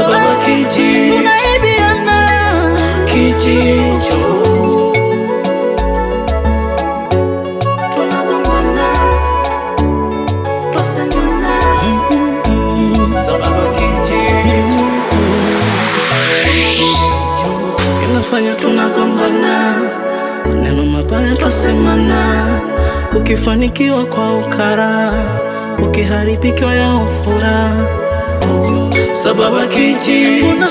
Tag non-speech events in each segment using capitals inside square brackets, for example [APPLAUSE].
sababu kiji kijicho fanya tunagombana, neno mabaya twasemana, ukifanikiwa kwa ukara, ukiharibikiwa ya ufura Sababa kijicho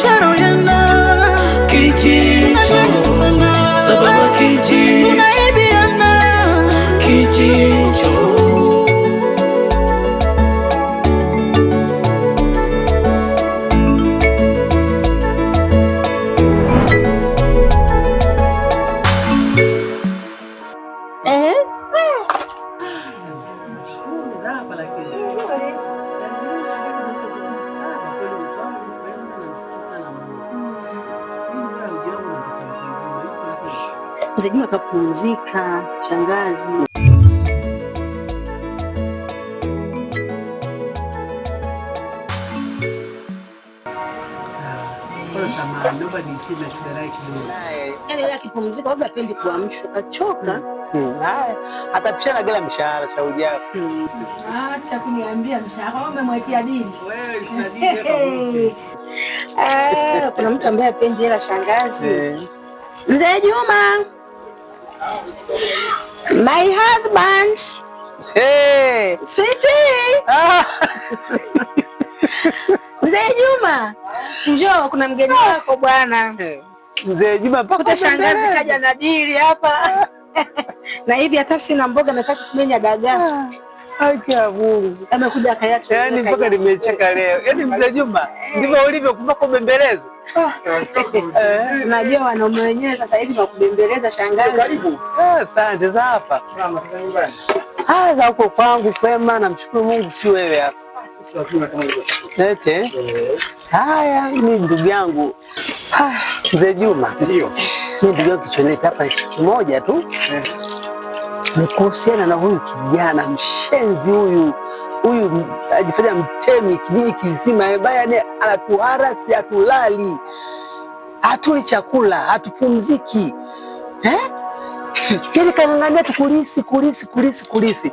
Kijicho Sababa kuna Unaibiana Kijicho Pumzika shangazi. Yaani akipumzika labda apendi kuamshwa, kachoka, hmm. atapishana bila mshahara. Shauri yako, acha kuniambia mshahara. Umemwetia dili eh, kuna mtu ambaye apendi hela, shangazi. Eh. Mzee Juma My husband. Hey. Sweetie. [LAUGHS] Mzee Juma, njoo kuna mgeni ah. wako bwana. Eh, mzee Juma mpaka utashangazi kaja na dili hapa. [LAUGHS] na hivi hata sina mboga nataka kumenya dagaa. Ah. Yaani mpaka nimecheka leo. Yaani mzee ah. Juma ndivyo ulivyo kumbaka ubembeleza. Ah. Eh. Unajua wanaume wenyewe sasa hivi wakubembeleza shangazi. Karibu. Ah, asante za hapa. Ah, za huko kwangu kwema, namshukuru Mungu si wewe hapa. Ete. Eh? Eh. Haya, mimi ndugu yangu mzee Juma. Ndio. Mimi ndugu yangu kichoneta hapa kimoja tu. Yes ni kuhusiana na huyu kijana mshenzi huyu huyu ajifanya mtemi kijiji kizima, anatuhara si hatulali, hatuli chakula, hatupumziki eh? Yaani kang'ang'ania tu kulisi kulisi kulisi kulisi.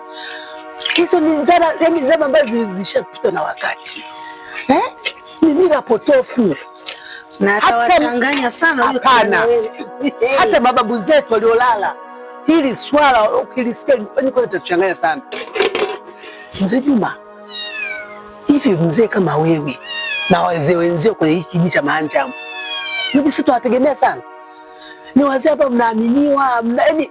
Hizo ni zana, yani ambazo zishapitwa na wakati eh? Ni mila potofu na atawachanganya sana. Hapana, hata mababu zetu waliolala hili swala ukilisikia itakuchanganya sana. Mzee Juma, hivi mzee kama wewe na wazee wenzio kwenye hiki kijiji cha Mahanjamu, mji sisi sana, ni wazee hapa, mnaaminiwa, yaani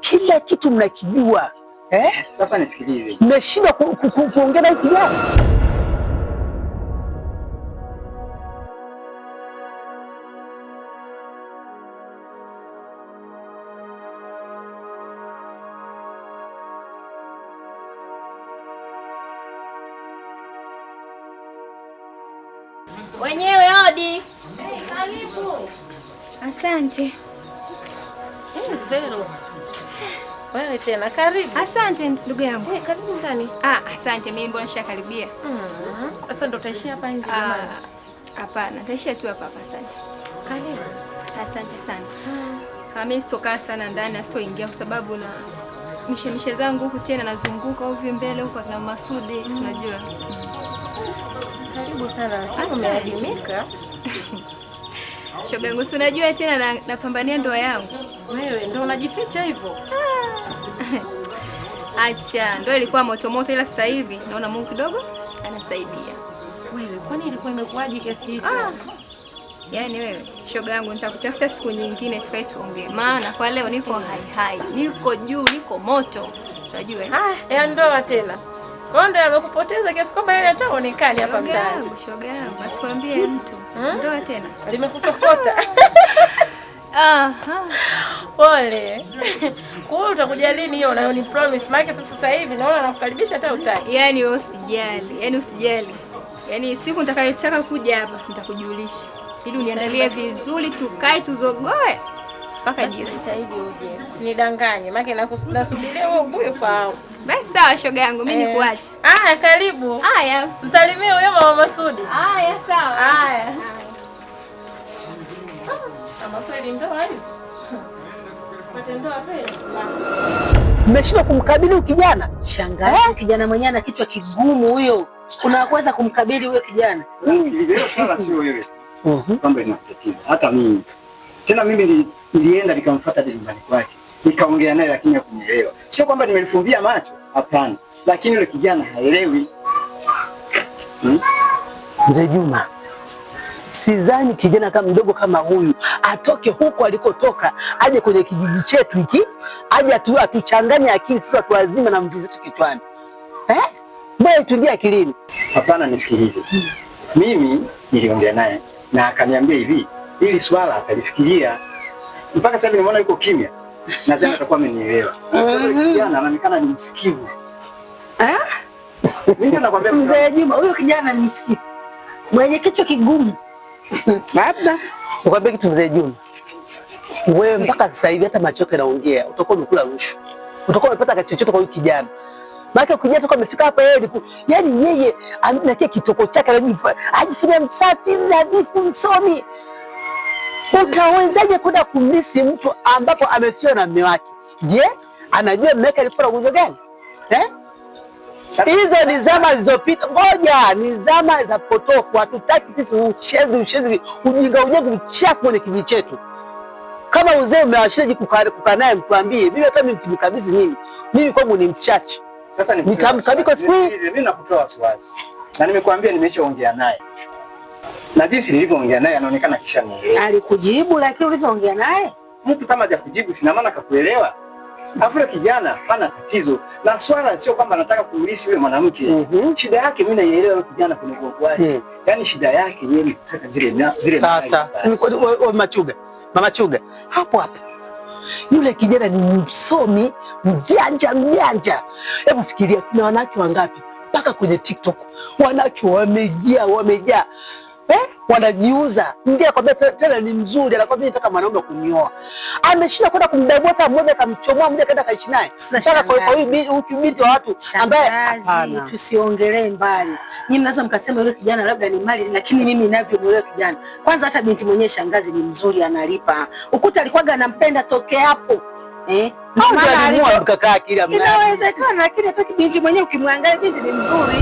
kila kitu mnakijua eh? Sasa nisikilize, mmeshindwa kuongea na kijana Asante. Zero. Wewe tena karibu. Asante ndugu yangu. Hey, eh, karibu ndani. Ah, asante mimi mbona nishakaribia. Mhm. Sasa ndo utaishia hapa nje ah, jamani. Hapana, taishia tu hapa hapa asante. Karibu. Asante sana. Mm. Ah, mimi sitokaa sana ndani, asitoingia kwa sababu na mishemishe zangu huku tena nazunguka ovyo mbele huko na Masudi, unajua. Mm. Karibu sana. Kama Umeadimika. [LAUGHS] Shogangu, si unajua tena na, napambania ndoa yangu. Wewe ndio unajificha hivyo? Ah. Acha, ndoa ilikuwa moto moto, ila sasa hivi naona Mungu kidogo anasaidia. Wewe kwani ilikuwa imekuaje kiasi hicho? Ah. Yaani wewe shoga yangu, nitakutafuta siku nyingine tukae tuongee, maana kwa leo niko hai hai, niko juu, niko moto, unajua. Ah, ya ndoa tena kwa amekupoteza kiasi kwamba ile hata uonekani hapa mtaani. Shoga yangu, asikwambie mtu. Hmm? Ndoa tena. Limekusokota. [LAUGHS] Aha. Pole. Kwa utakuja lini hiyo unayoni promise? Maana sasa hivi naona nakukaribisha hata utaki. Yaani wewe usijali. Yaani usijali. Yaani siku nitakayotaka kuja hapa nitakujulisha. Ili uniandalie vizuri tukae tuzogoe mpaka jioni. Jitahidi uje, usinidanganye, maana nasubiria wewe ubuyu kwa. Basi sawa, shoga yangu, mimi eh. nikuache. Haya, karibu. Haya, msalimie huyo mama Masudi. Haya, sawa. Haya, ah, mmeshindwa kumkabili huyu kijana shangaa. Eh? Kijana mwenyewe ana kichwa kigumu huyo, unakuweza kumkabili huyo kijana? Mhm. hata mimi tena mimi nilienda nikamfuata hadi nyumbani kwake, nikaongea naye, lakini hakunielewa. Sio kwamba nimelifumbia macho, hapana, lakini yule kijana haelewi. Hmm? Mzee Hmm? Juma, sidhani kijana kama mdogo kama huyu atoke huko alikotoka aje kwenye kijiji chetu hiki aje atu, atuchanganye akili sisi watu wazima na mvizi zetu kichwani eh? Bora itungie akilini. Hapana, nisikilize. Hmm. Mimi niliongea naye na akaniambia hivi, ili swala atalifikiria mpaka sasa nimeona yuko kimya, nadhani atakuwa amenielewa. Mhm. Kijana anaonekana ni msikivu. Eh? nakwambia Mzee Juma, huyo kijana ni msikivu mwenye kichwa kigumu. [LAUGHS] Labda nikwambie kitu mzee Juma, wewe mpaka sasa hivi hata macho yako yanaongea, utakuwa umekula rushwa, utakuwa umepata kachochote kwa huyu kijana. Maana kijana toka amefika hapa yeye yani yeye na kile kitoko chake anajifanya msati nadhifu, msomi Utawezaje kwenda kumisi mtu ambapo amefiwa na mme wake? Je, anajua mume wake alikuwa na ugonjwa gani? Eh? Hizo ni zama zilizopita. Ngoja, ni zama za potofu. Hatutaki sisi uchezi uchezi, ujinga ujinga, uchafu kwenye kijiji chetu. Kama uzee umewashaji kukaa naye, mtuambie. Mimi hata mimi mkabidhi nini? Mimi kwangu ni mchache. Sasa nitamkabidhi siku hii. Mimi nakutoa wasiwasi. Na nimekuambia nimeshaongea naye na jinsi nilivyoongea naye anaonekana kisha nielewa. Alikujibu, lakini ulizoongea naye mtu kama hajakujibu, sina maana kakuelewa. Afula kijana hana tatizo na swala, sio kwamba anataka kuulisi yule mwanamke mm -hmm. Shida yake mimi naielewa yule kijana kwenye uongo wake mm. Yani shida yake yeye anataka zile zile. Sasa mama machuga mama Chuga hapo hapo, yule kijana ni msomi mjanja, mjanja. Hebu fikiria, kuna wanawake wangapi mpaka kwenye TikTok wanawake wamejaa, wamejaa eh? Wanajiuza. Mwingine akwambia tena ni mzuri, anakwambia nataka mwanaume kunioa. Ameshinda kwenda kumdabua hata mmoja, akamchomoa mmoja, kaenda kaishi naye. Sasa kwa hii binti wa watu ambaye, hapana, tusiongelee mbali. Nyinyi mnaweza mkasema yule kijana labda ni mali, lakini mimi ninavyomwelewa kijana, kwanza hata binti mwenyewe shangazi ni mzuri, analipa ukuta, alikuwa anampenda tokea hapo eh? Inawezekana, lakini hata binti mwenyewe ukimwangalia, binti ni mzuri.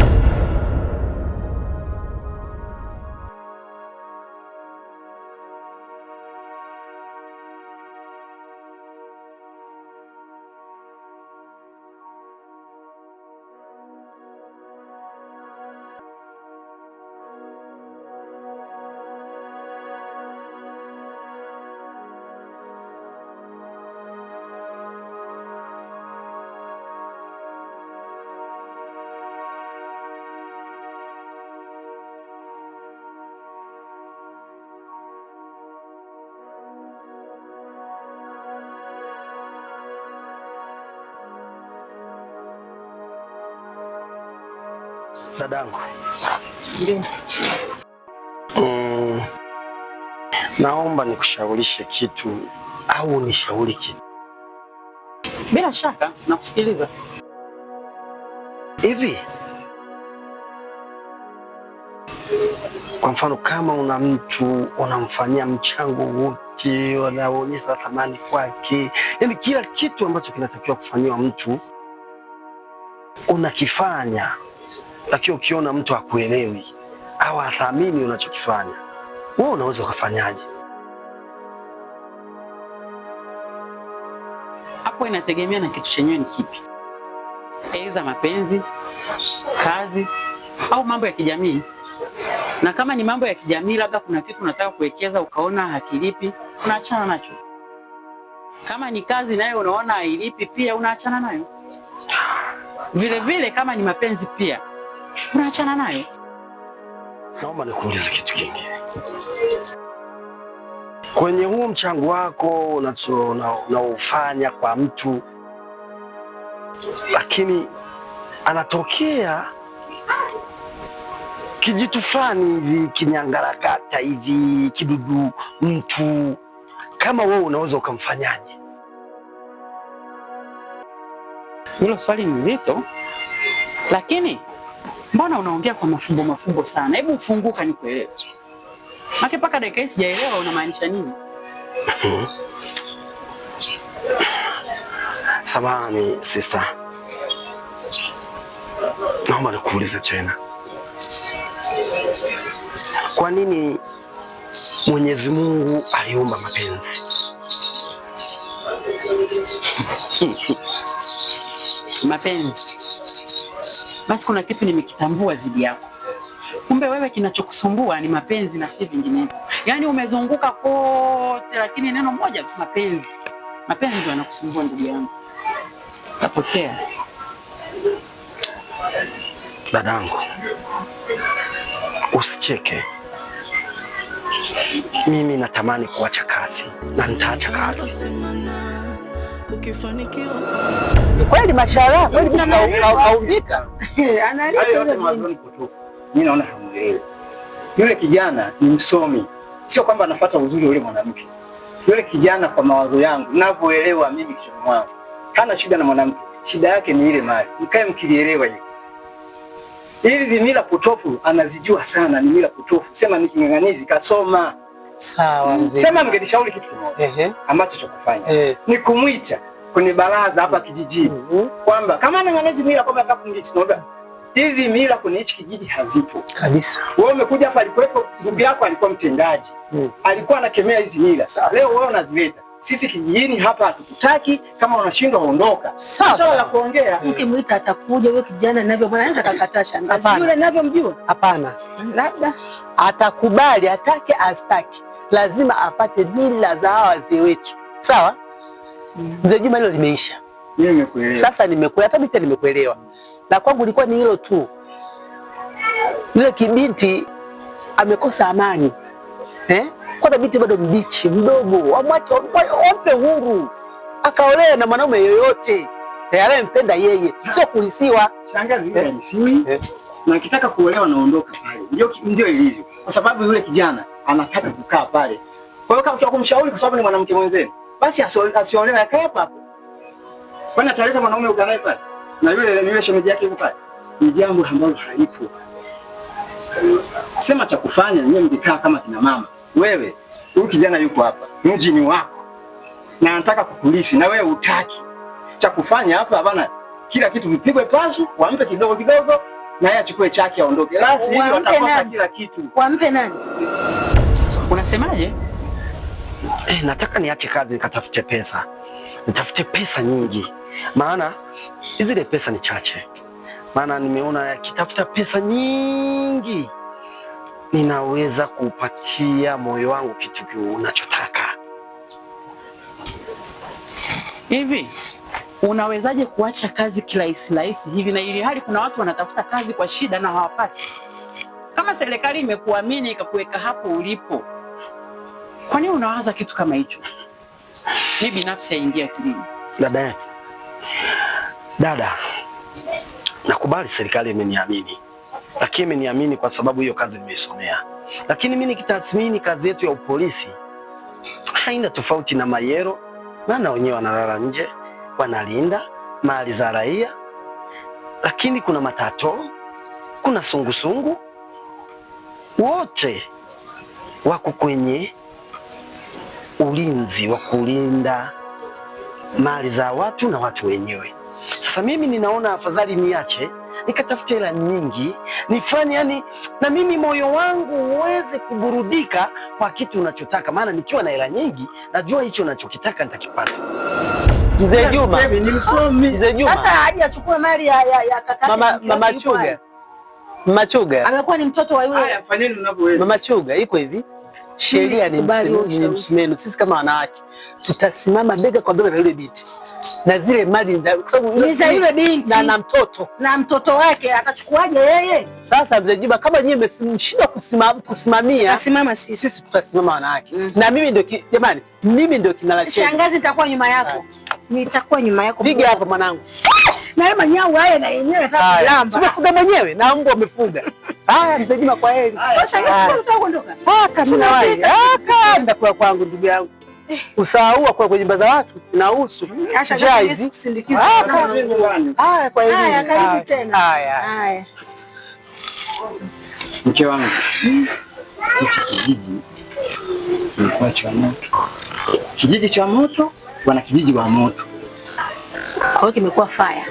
dadangu. Ndio. Mm, naomba nikushaurishe kitu au nishauri kitu. Bila shaka nakusikiliza. Hivi kwa mfano kama una mtu unamfanyia mchango wote, unaonyesha thamani kwake, yaani kila kitu ambacho kinatakiwa kufanyiwa mtu unakifanya lakini ukiona mtu akuelewi au athamini unachokifanya, wewe unaweza ukafanyaje? Hapo inategemea na kitu chenyewe ni kipi, aidha mapenzi, kazi au mambo ya kijamii. Na kama ni mambo ya kijamii, labda kuna kitu unataka kuwekeza ukaona hakilipi, unaachana nacho. Kama ni kazi nayo unaona hailipi pia, unaachana nayo vilevile. Kama ni mapenzi pia unaachana naye. Naomba nikuulize kitu kingine kwenye huo mchango wako unaofanya kwa mtu, lakini anatokea kijitu fulani hivi kinyangarakata hivi kidudu, mtu kama wewe unaweza ukamfanyaje? Hilo swali ni zito, lakini Mbona unaongea kwa mafumbo mafumbo sana? Hebu ufunguka nikuelewe. Make mpaka dakika hii sijaelewa unamaanisha nini? Mm. Samahani Naomba nikuulize tena. Kwa nini Mwenyezi Mungu aliumba mapenzi? [LAUGHS] Mapenzi basi kuna kitu nimekitambua zidi yako. Kumbe wewe kinachokusumbua ni mapenzi na si vinginevyo. Yaani umezunguka kote, lakini neno moja tu, mapenzi. Mapenzi ndio yanakusumbua ndugu yangu, kapotea dadangu. Usicheke, mimi natamani kuacha kazi na nitaacha kazi ukifanikiwa kweli, mashallah kweli, kaumbika [LAUGHS] mimi naona Yule kijana ni msomi, sio kwamba anafuata uzuri yule mwanamke. Yule kijana kwa mawazo yangu ninavyoelewa mimi kichwa mwangu, hana shida na mwanamke, shida yake ni ile mali. Mkae mkilielewa hiyo. ili zimila potofu anazijua sana, ni mila potofu. Sema ni king'ang'anizi, kasoma Sawa mm. mzee. Sema mngenishauri kitu kimoja uh -huh. ambacho cha kufanya uh eh. -huh. ni kumwita kwenye baraza hapa kijijini uh mm-hmm. -huh. kwamba kama ananyanyezi mila kwamba ngisi. naomba hizi mila kwenye hichi kijiji hazipo kabisa. Wewe umekuja hapa, alikuwepo ndugu yako, alikuwa mtendaji mm. alikuwa anakemea hizi mila. Sasa. Leo wewe unazileta, sisi kijijini hapa hatukutaki. Kama unashindwa ondoka, swala la kuongea. Mm. Ukimuita atakuja. Wewe kijana, ninavyo bwana anaweza kukataa shangazi yule, ninavyomjua hapana, labda atakubali, atake astaki lazima apate mila za hawa wazee wetu, sawa mzee Juma? Hilo limeisha. Nimekuelewa sasa, nimekuelewa hata mimi pia nimekuelewa, na kwangu ilikuwa ni hilo tu. Yule kibinti amekosa amani eh? Kwanza binti bado mbichi, mdogo, wamwache wampe huru akaolewa na mwanaume yoyote eh, anayempenda yeye, sio kulisiwa. Shangazi eh. yule ni eh. na kitaka kuolewa naondoka pale, ndio ndio ilivyo, kwa sababu yule kijana anataka kukaa pale. Kwa hiyo kama kumshauri kwa sababu ni mwanamke mwenzenu, basi asiolewe akae hapo hapo. Kwani ataleta mwanaume ukanae pale? Na yule ni yule shemeji yake yuko pale. Ni jambo ambalo halipo. Sema cha kufanya nyewe mkikaa kama kina mama. Wewe huyu kijana yuko hapa. Mji ni wako. Na anataka kukulisi na wewe utaki. Cha kufanya hapa bana, kila kitu vipigwe pasu, wampe kidogo kidogo na yeye achukue chake aondoke. La sivyo atakosa kila kitu. Wampe nani? Unasemaje? Eh, nataka niache kazi nikatafute pesa, nitafute pesa nyingi, maana zile pesa ni chache. Maana nimeona kitafuta pesa nyingi ninaweza kupatia moyo wangu kitu unachotaka. Hivi unawezaje kuacha kazi kirahisi rahisi hivi, na ili hali kuna watu wanatafuta kazi kwa shida na hawapati? Kama serikali imekuamini ikakuweka hapo ulipo kwa nini unawaza kitu kama hicho? Mi binafsi aingia kilini. Dada yake, dada, nakubali serikali imeniamini, lakini imeniamini kwa sababu hiyo kazi nimeisomea, lakini mi nikitathmini kazi yetu ya upolisi haina tofauti na mayero, maana wenyewe wanalala nje, wanalinda mali za raia, lakini kuna matato, kuna sungusungu, wote wako kwenye ulinzi wa kulinda mali za watu na watu wenyewe. Sasa mimi ninaona afadhali niache nikatafute hela nyingi nifanye, yani na mimi moyo wangu uweze kuburudika kwa kitu unachotaka, maana nikiwa na hela nyingi najua hicho nachokitaka nitakipata. Mzee Juma, Mzee Juma sasa aje achukue mali ya, ya, ya kaka mama, mama Chuga, mama Chuga amekuwa ni mtoto wa yule. Haya, fanyeni mnavyoweza. Mama Chuga iko hivi Sheria ni msumeno. Sisi kama wanawake tutasimama bega kwa bega na yule binti na zile mali za yule binti na, na mtoto na mtoto wake atachukuaje yeye? Sasa mzee Jiba, kama nyie mmeshindwa kusimama kusimamia, tutasimama sisi, sisi tutasimama wanawake mm. na mimi ndio jamani, mimi ndio kinara. Shangazi nitakuwa nyuma yako Ati nitakuwa nyuma yako. Piga hapo mwanangu. Na yeye manyau haya na yenyewe Sio Simefuga mwenyewe na mbwa amefuga. Haya mtajima kwa yeye. sasa utaondoka. heri. Ah, kwa kwangu ndugu yangu. Eh. Usahau kwa kwenye nyumba za watu inahusu. Ah, haya kwa heri. Haya karibu tena. Haya. Haya. Mke wangu. Kijiji. Kijiji cha moto. Kijiji cha moto wanakijiji wa moto. Kwa hiyo kimekuwa fire.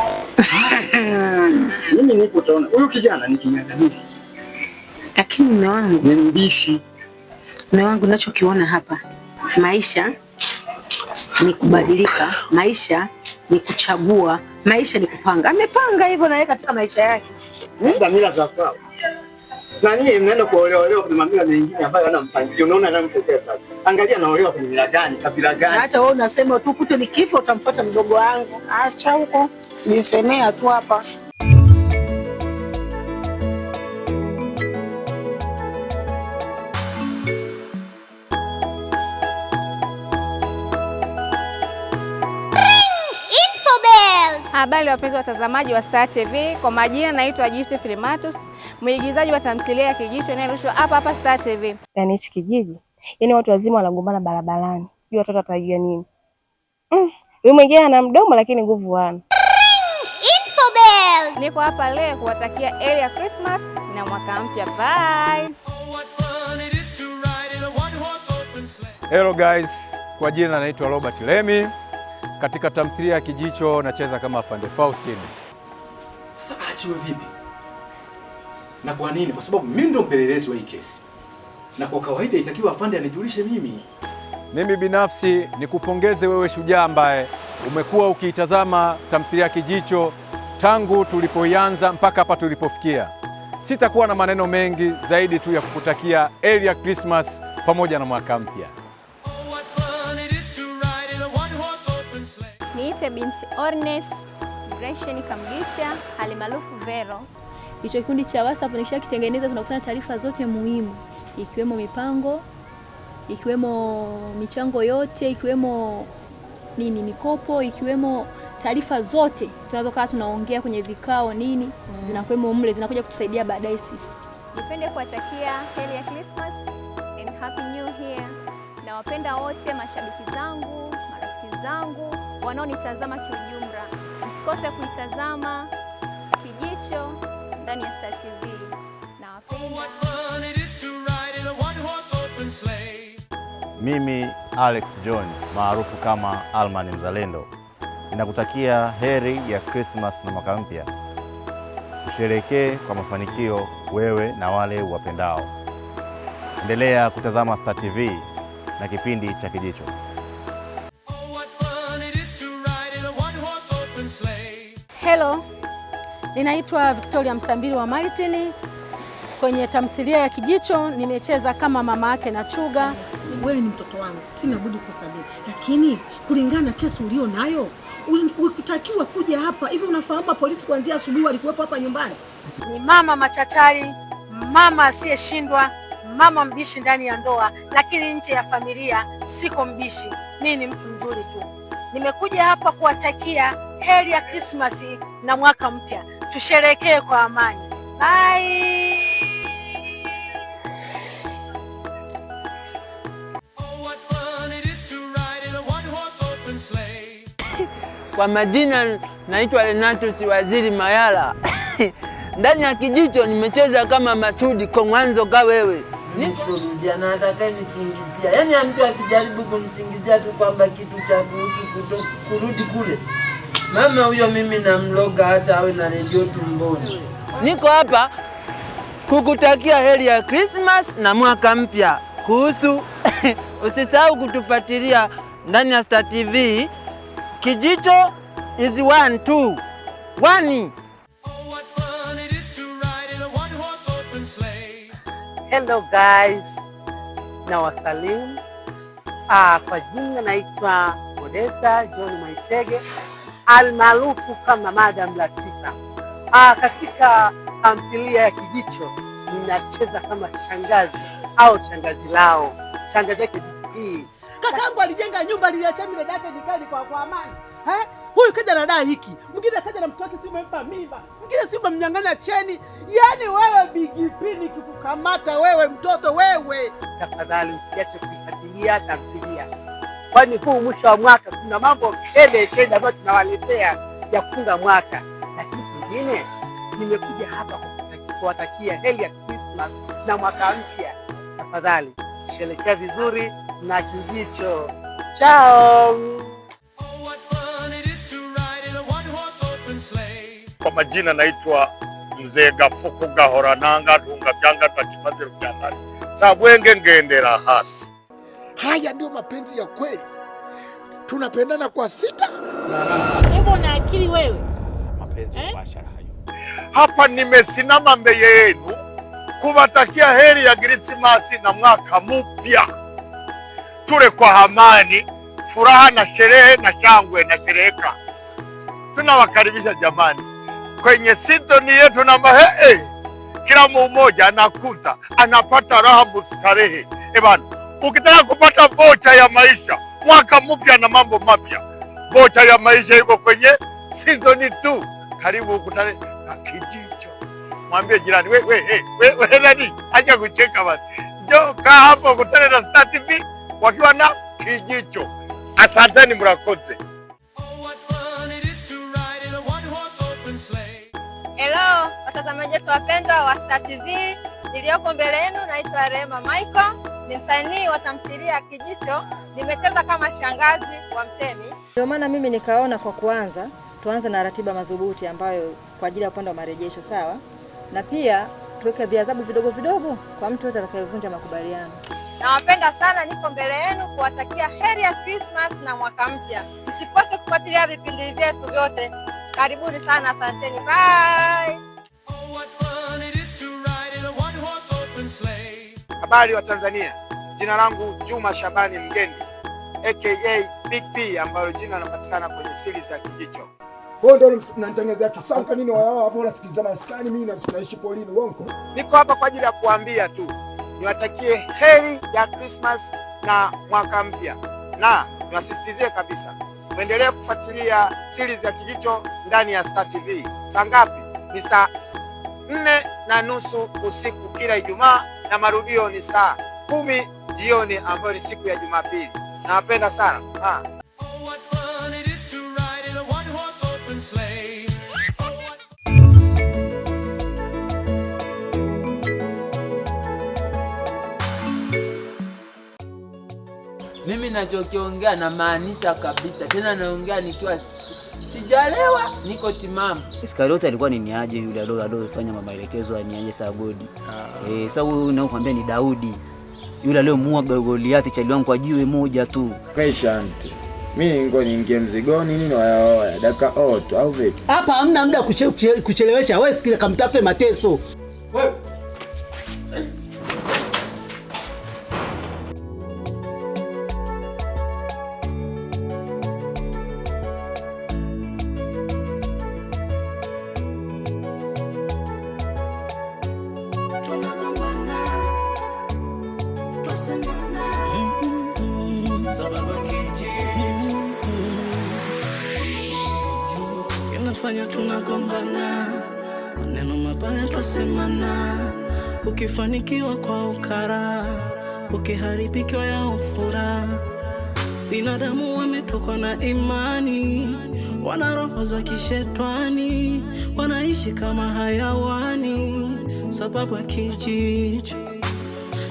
[LAUGHS] Mimi niko utaona huyu kijana ni kinyang'anyiro, lakini mume wangu ni mbishi. Mume wangu, nachokiona hapa, maisha ni kubadilika, maisha ni kuchagua, maisha ni kupanga. Amepanga hivyo na yeye katika maisha yake, mila za kwao na nyie mnaenda kuolewaolewa kuna mamia mengine ambayo hana mpangilio. Unaona anamtokea sasa, angalia anaolewa kwenye mila gani, kabila gani? Hata wewe unasema tu kute ni kifo, utamfuata mdogo wangu. Acha huko, nisemea tu hapa. Habari wapenzi watazamaji wa Star TV, kwa majina naitwa Gift Filimatus mwigizaji wa tamthilia ya Kijicho inayorushwa hapa hapa Star TV. Yaani hichi kijiji, yaani watu wazima wanagombana barabarani, sijui watoto watajua nini. Mm, yule mwingine ana mdomo lakini nguvu hana. Niko hapa leo kuwatakia heri ya Christmas na mwaka mpya. Bye. Hello guys, kwa jina naitwa Robert Lemi. Katika tamthilia ya Kijicho nacheza kama Fande Faustine. Sasa achiwe vipi? Na kwa nini? Kwa sababu mimi ndio mpelelezi wa hii kesi, na kwa kawaida itakiwa afande anijulishe mimi. Mimi binafsi nikupongeze wewe shujaa, ambaye umekuwa ukiitazama tamthilia Kijicho tangu tulipoianza mpaka hapa tulipofikia. Sitakuwa na maneno mengi zaidi tu ya kukutakia heri ya Christmas pamoja na mwaka mpya. Niite binti Ornes Gresheni Kamgisha hali Vero. Hicho kikundi cha WhatsApp nikisha kitengeneza, tunakusanya taarifa zote muhimu, ikiwemo mipango, ikiwemo michango yote, ikiwemo nini, mikopo, ikiwemo taarifa zote tunazokaa tunaongea kwenye vikao nini, mm. zinakuwemo mle, zinakuja kutusaidia baadaye sisi. Nipende kuwatakia heri ya Christmas and happy new year, na wapenda wote mashabiki zangu, marafiki zangu wanaonitazama kiujumla, msikose kuitazama Kijicho ndani ya Star TV na mimi Alex John maarufu kama Alman Mzalendo ninakutakia heri ya Krismas na mwaka mpya. Usherekee kwa mafanikio wewe na wale uwapendao. Endelea kutazama Star TV na kipindi cha Kijicho. Hello. Ninaitwa Victoria msambiri wa Maitini. Kwenye tamthilia ya Kijicho nimecheza kama mama yake na Chuga. Wewe ni mtoto wangu, sina budi kusabiri, lakini kulingana na kesi ulio nayo ulitakiwa kuja hapa. Hivi unafahamu polisi kuanzia asubuhi walikuwepo hapa nyumbani? Ni mama machachari, mama asiyeshindwa, mama mbishi ndani ya ndoa, lakini nje ya familia siko mbishi. Mimi ni mtu mzuri tu, nimekuja hapa kuwatakia heri ya Christmas na mwaka mpya, tusherekee kwa amani. Bye. [LAUGHS] Kwa majina naitwa Renato Siwaziri Mayala. [LAUGHS] Ndani ya kijicho nimecheza kama Masudi Kongwanzo ka wewe nisingizia na atakaye nisingizia, yaani mtu akijaribu kunisingizia tu kwamba kitu cha kurudi kule Mama huyo mimi namloga hata awe na redio tumboni. Niko hapa kukutakia heri ya Christmas na mwaka mpya. Kuhusu [LAUGHS] usisahau kutufuatilia ndani ya Star TV Kijicho is one two one. Hello guys, na wasalimu. Ah, kwa jina naitwa Modesta John Mwaitege almaarufu kama Madam Latifa. Ah, katika tamthilia ya Kijicho ninacheza kama shangazi au shangazi lao, shangazi yake hii. Kakangu alijenga nyumba, aliacha mimi dada yake nikali kwa kwa amani eh? Huyu kaja na dai hiki, mwingine kaja na mtoto wake, si umempa mimba, mwingine si umemnyang'anya cheni. Yaani wewe bigipini kikukamata wewe mtoto wewe, tafadhali usiache kufuatilia tamthilia kwani huu mwisho wa mwaka kuna mambo kede kede ambayo tunawaletea ya kufunga mwaka, lakini kingine nimekuja hapa kuwatakia heri ya Krismas na mwaka mpya. Tafadhali sherehekea vizuri na kijicho chao. Kwa majina naitwa mzee Gafuku Gahorananga tunga byanga twa kibaziro sabwenge ngendera hasi Haya ndio mapenzi ya kweli, tunapendana kwa sita na raha. Hebu na akili wewe, mapenzi ya eh? biashara hayo. Hapa nimesimama mbele yenu kuwatakia heri ya Krismasi na mwaka mpya, tule kwa amani, furaha na sherehe na shangwe na shereheka. Tunawakaribisha jamani kwenye sintoni yetu namba hey, hey. Kila mmoja anakuta anapata raha mustarehe ebana Ukitaka kupata vocha ya maisha, mwaka mpya na mambo mapya, vocha ya maisha iko kwenye season 2. Karibu ukutane na Kijicho, mwambie jirani, we we hey, we we nani, acha kucheka basi, njoo kaa hapo, ukutane na Star TV wakiwa na Kijicho. Asanteni mrakoze. Hello watazamaji wetu wapendwa wa Star TV, niliyoko mbele yenu naitwa Rema Michael ni msanii wa tamthilia Kijicho, nimecheza kama shangazi wa Mtemi. Ndio maana mimi nikaona kwa kuanza tuanze na ratiba madhubuti ambayo kwa ajili ya upande wa marejesho sawa, na pia tuweke viadhabu vidogo vidogo kwa mtu yote atakayevunja makubaliano. Nawapenda sana, niko mbele yenu kuwatakia heri ya Christmas na mwaka mpya. Msikose kufuatilia vipindi vyetu vyote, karibuni sana, asanteni, bye. Habari wa Tanzania, jina langu Juma Shabani Mgeni aka Big P, ambalo jina linapatikana kwenye siri ya Kijicho. Wewe ndio unanitangazia kisanka nini? Wao hapo wanasikilizana maskani, mimi naishi polini wonko. Niko hapa kwa ajili ya kuambia tu niwatakie heri ya Christmas na mwaka mpya, na niwasisitizie kabisa muendelee kufuatilia siri ya Kijicho ndani ya Star TV. Saa ngapi? Ni saa nne na nusu usiku kila Ijumaa na marudio ni saa kumi jioni ambayo ni siku ya Jumapili. Nawapenda sana ha. Ah. Mimi nachokiongea namaanisha kabisa, tena naongea nikiwa sijalewa, niko timamu. Iskariote alikuwa ni niaje yule aliofanya maelekezo ya saa godi ah. eh, sasa huyu nakwambia ni Daudi yule aliyomuua Goliathi chaliwangu kwa jiwe moja tu. Kaishanti mimi ngo niingie mzigoni nini wayaoya dakika oto au vipi? Hapa hamna muda kuchelewesha. Wewe sikiza, kamtafute mateso Binadamu wametokwa na imani, wana roho za kishetwani, wanaishi kama hayawani, sababu ya kijiji,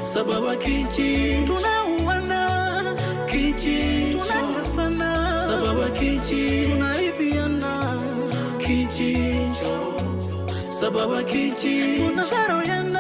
sababu ya kijiji, tunauana kijiji, tunatesana sababu ya kijiji, tunaibiana kijiji, sababu ya kijiji, tunadharauliana